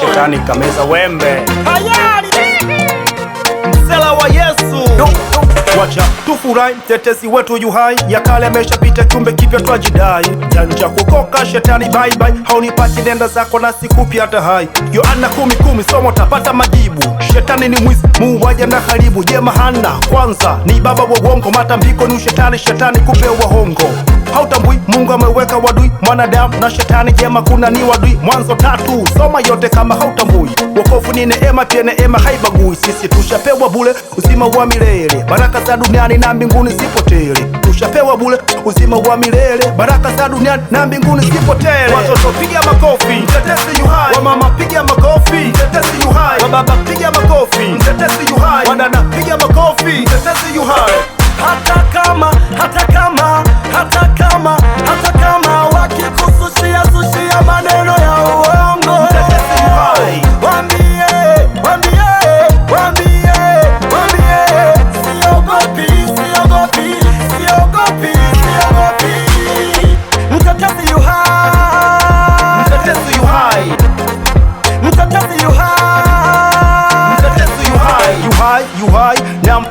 Shetani kameza wembe. Hayali. Msela wa Yesu. Wacha tufurahi, mtetezi wetu yu hai, ya kale ameshapita, kiumbe kipya twajidai. Janja kukoka shetani, bye bye, haunipati nenda zako na sikupya hata hai. Yohana kumi kumi, somo tapata majibu. Shetani ni mwizi, muuaji na haribu. Je, mahana kwanza ni baba wa uongo, matambiko ni ushetani, shetani kupewa hongo hautambui Mungu ameweka wadui mwanadamu na shetani, jema kuna ni wadui. Mwanzo tatu soma yote kama hautambui. Wokovu ni neema, pia neema haibagui. Sisi tushapewa bule uzima wa milele, baraka za duniani na mbinguni zipotele. Tushapewa bule uzima wa milele, baraka za duniani na mbinguni zipotele. Watoto piga makofi, mtetesi yu hai. Wamama piga makofi, mtetesi yu hai. Wababa piga makofi, mtetesi yu hai. Wadada piga makofi, mtetesi yu hai.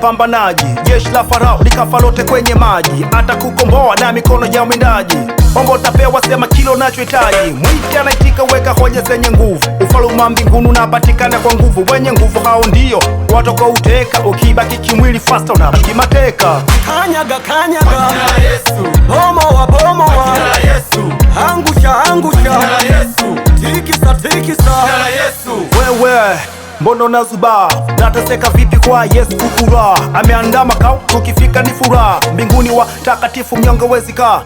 wapambanaji, jeshi la Farao likafalote kwenye maji, atakukomboa na mikono ya mwindaji. Mambo tapewa, sema kile unachohitaji. mwiti anaitika, weka hoja zenye nguvu. Ufalume wa mbinguni unapatikana kwa nguvu, wenye nguvu hao ndio uteka Ukibaki kimwili, fasta unabaki mateka. Kanyaga kanyaga, Yesu bomo wa bomo Mbono na zuba nateseka vipi kwa Yesu kukura ameandaa kau tukifika ni furaha mbinguni wa takatifu mnyonge wezika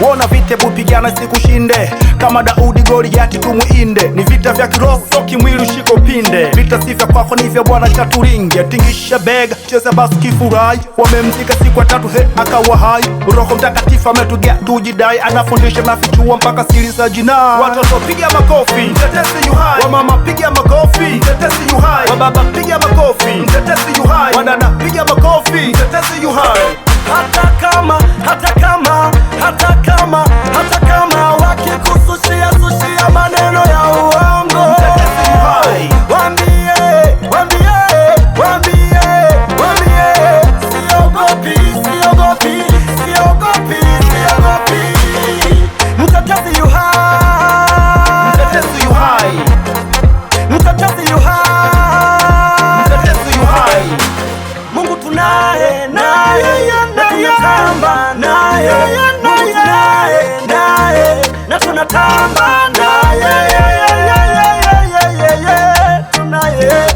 Wona vita bupigana sikushinde, kama Daudi Goliati tumuinde. Ni vita vya kiroho, so kimwili ushiko pinde. Vita si vya kwako, ni vya Bwana, chaturinge. Tingisha bega, cheza basi kifurahi. Wamemzika siku ya tatu, he akawa hai. Roho Mtakatifu ametugea tujidai, anafundisha na fichua mpaka siri za jinai. Watoto piga makofi, mtetesi yu hai. Wamama piga makofi, mtetesi yu hai. Wababa piga makofi, mtetesi yu hai. Wadada piga makofi, mtetesi yu hai. Mtetezi yu hai, Mungu tunaye naye na tunatamba naye na tunatamba naye, tunaye